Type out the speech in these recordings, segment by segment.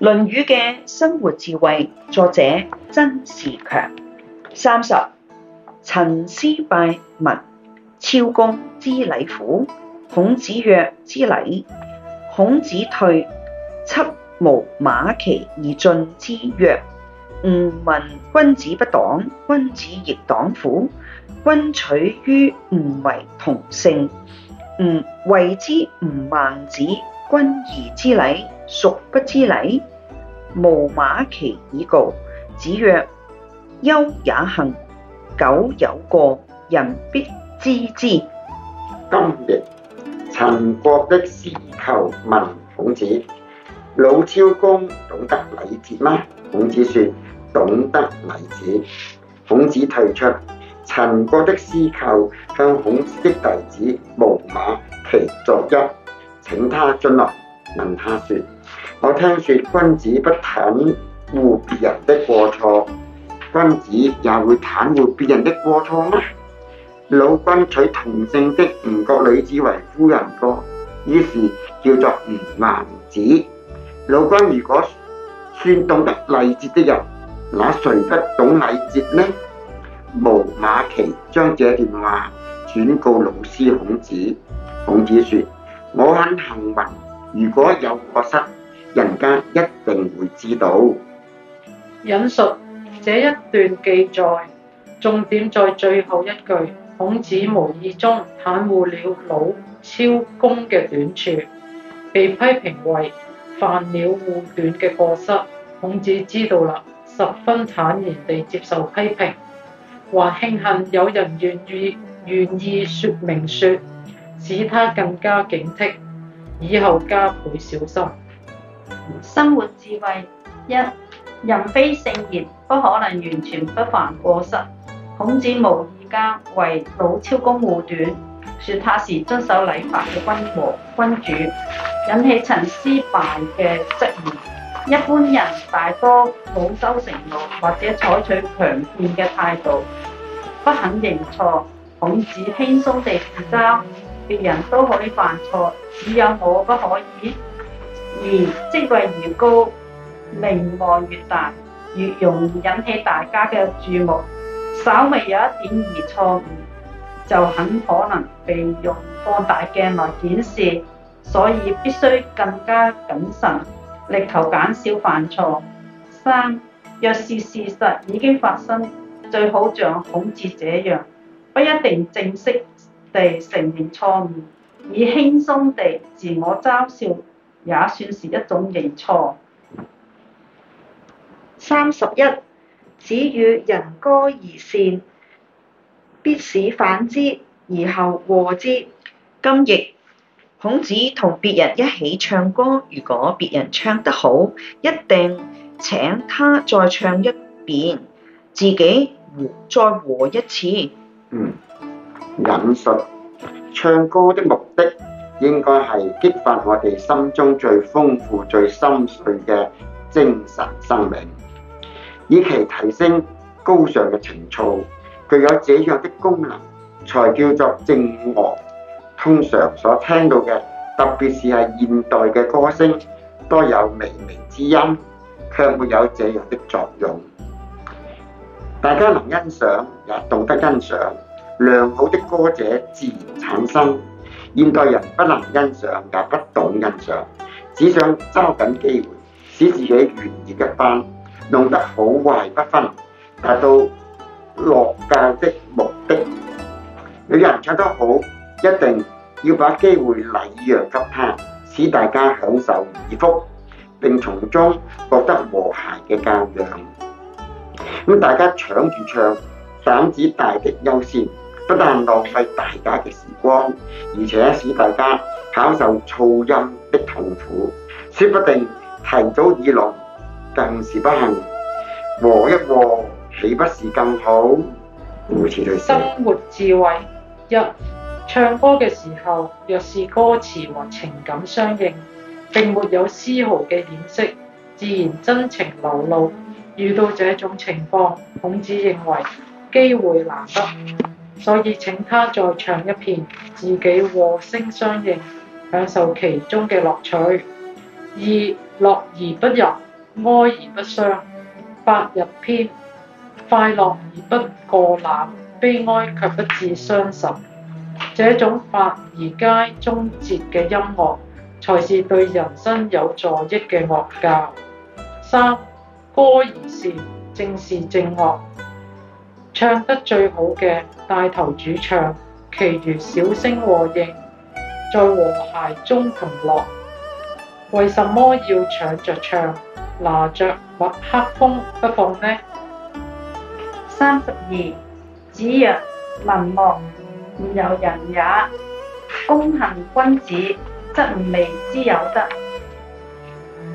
《論語》嘅生活智慧，作者曾仕強。三十，陳司敗問，「昭公知禮乎？孔子曰：知禮。孔子退，七巫馬期而進之曰：吾聞君子不黨，君子亦黨乎？君取於吳為同姓，吾謂之吳孟子。君而知禮，孰不知禮？巫馬期以告子曰：丘也幸，苟有過，人必知之。今日，陳國的司寇問孔子：魯昭公懂得禮節嗎？孔子說：懂得禮節。孔子退出，陳國的司寇向孔子的弟子巫馬期作揖。請他進來問他説：我聽説君子不袒護別人的過錯，君子也會袒護別人的過錯嗎？老君娶同姓的吳國女子為夫人個，於是叫做吳孟子。老君如果算懂得禮節的人，那誰不懂禮節呢？巫馬期將這段話轉告老師孔子，孔子説。我很幸運，如果有過失，人家一定會知道。引述這一段記載，重點在最後一句，孔子無意中袒護了魯昭公嘅短處，被批評為犯了護短嘅過失。孔子知道啦，十分坦然地接受批評，還慶幸有人願意願意説明說。說使他更加警惕，以後加倍小心。生活智慧一，人非聖賢，不可能完全不犯過失。孔子無意間為魯昭公護短，說他是遵守禮法嘅君和君主，引起陳司敗嘅質疑。一般人大多惱羞成怒，或者採取強辯嘅態度，不肯認錯。孔子輕鬆地自嘲。別人都可以犯錯，只有我不可以。二、職位越高，名望越大，越容易引起大家嘅注目。稍微有一點兒錯誤，就很可能被用放大鏡來檢視，所以必須更加謹慎，力求減少犯錯。三，若是事實已經發生，最好像孔子這樣，不一定正式地承認錯誤，以輕鬆地自我嘲笑也算是一種認錯。三十一，子與人歌而善，必使反之，而後和之。今譯，孔子同別人一起唱歌，如果別人唱得好，一定請他再唱一遍，自己再和一次。嗯。引述唱歌的目的應該係激發我哋心中最豐富、最深邃嘅精神生命，以其提升高尚嘅情操。具有這樣的功能，才叫做正樂。通常所聽到嘅，特別是係現代嘅歌聲，多有靡靡之音，卻沒有這樣的作用。大家能欣賞，也懂得欣賞。良好的歌者自然產生。現代人不能欣賞，但不懂欣賞，只想抓緊機會，使自己炫耀一番，弄得好壞不分，達到落教的目的。如果人唱得好，一定要把機會禮讓給他，使大家享受耳福，並從中獲得和諧嘅教養。咁大家搶住唱，膽子大的優先。不但浪費大家嘅時光，而且使大家飽受噪音的痛苦。說不定提早耳聾更是不幸，和一和豈不是更好？生活智慧一，唱歌嘅時候，若是歌詞和情感相應，並沒有絲毫嘅掩飾，自然真情流露，露。遇到這種情況，孔子認為機會難得。所以請他再唱一遍，自己和聲相應，享受其中嘅樂趣。二樂而不淫，哀而不傷。八佾篇，快樂而不過濫，悲哀卻不至傷神。這種發而皆終節嘅音樂，才是對人生有助益嘅樂教。三歌而善，正是正樂，唱得最好嘅。帶頭主唱，其餘小聲和應，在和諧中同樂。為什麼要搶着唱，拿著麥克風不放呢？三十二，子曰：文，莫吾猶人也，躬行君子則吾未之有得。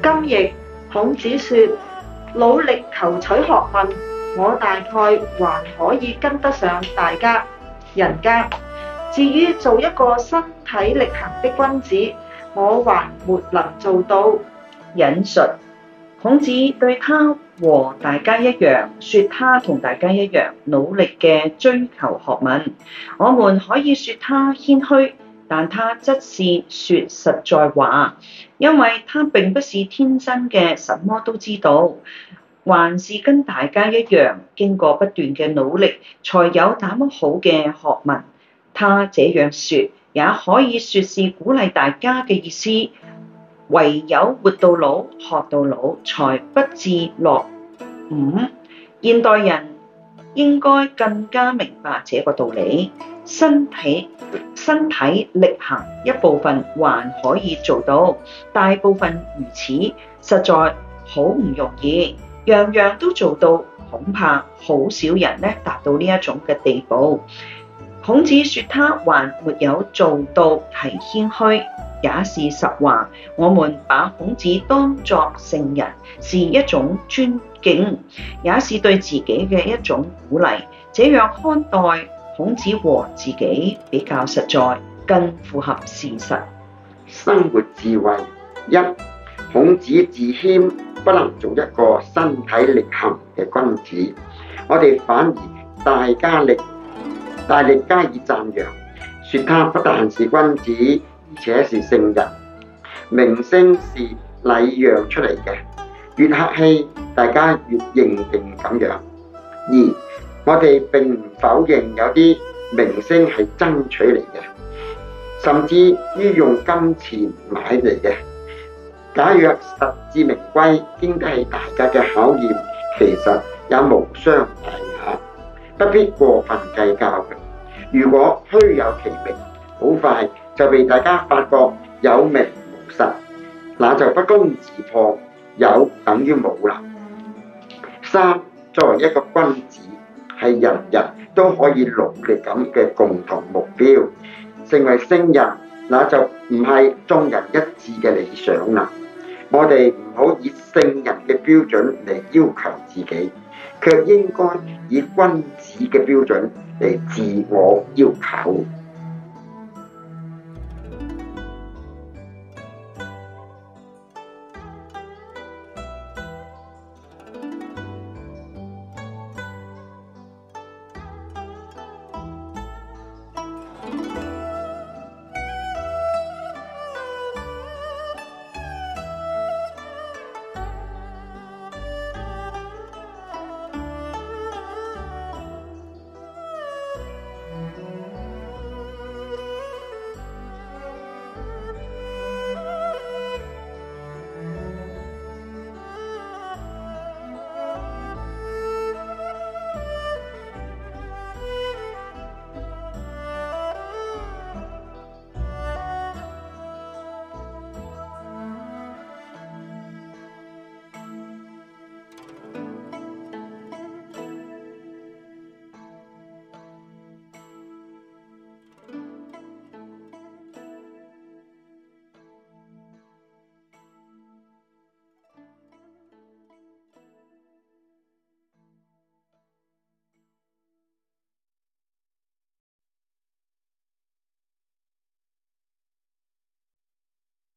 今亦孔子說：努力求取學問。我大概還可以跟得上大家人家，至於做一個身體力行的君子，我還沒能做到引述。孔子對他和大家一樣，說他同大家一樣努力嘅追求學問。我們可以說他謙虛，但他則是說實在話，因為他並不是天生嘅，什麼都知道。還是跟大家一樣，經過不斷嘅努力，才有那麼好嘅學問。他這樣說，也可以説是鼓勵大家嘅意思。唯有活到老，學到老，才不至落伍。現代人應該更加明白這個道理。身體身體力行，一部分還可以做到，大部分如此，實在好唔容易。樣樣都做到，恐怕好少人咧，達到呢一種嘅地步。孔子說他還沒有做到，係謙虛，也是實話。我們把孔子當作聖人，是一種尊敬，也是對自己嘅一種鼓勵。這樣看待孔子和自己比較實在，更符合事實。生活智慧一：孔子自謙。不能做一個身體力行嘅君子，我哋反而大家力大力加以讚揚，説他不但是君子，而且是聖人。明星是禮讓出嚟嘅，越客氣，大家越認定咁樣。而，我哋並唔否認有啲明星係爭取嚟嘅，甚至於用金錢買嚟嘅。假若實至名歸，經得起大家嘅考驗，其實也無傷大雅，不必過分計較嘅。如果虛有其名，好快就被大家發覺有名無實，那就不攻自破，有等於冇啦。三作為一個君子，係人人都可以努力噉嘅共同目標，成為聖人，那就唔係眾人一致嘅理想啦。我哋唔好以聖人嘅標準嚟要求自己，卻應該以君子嘅標準嚟自我要求。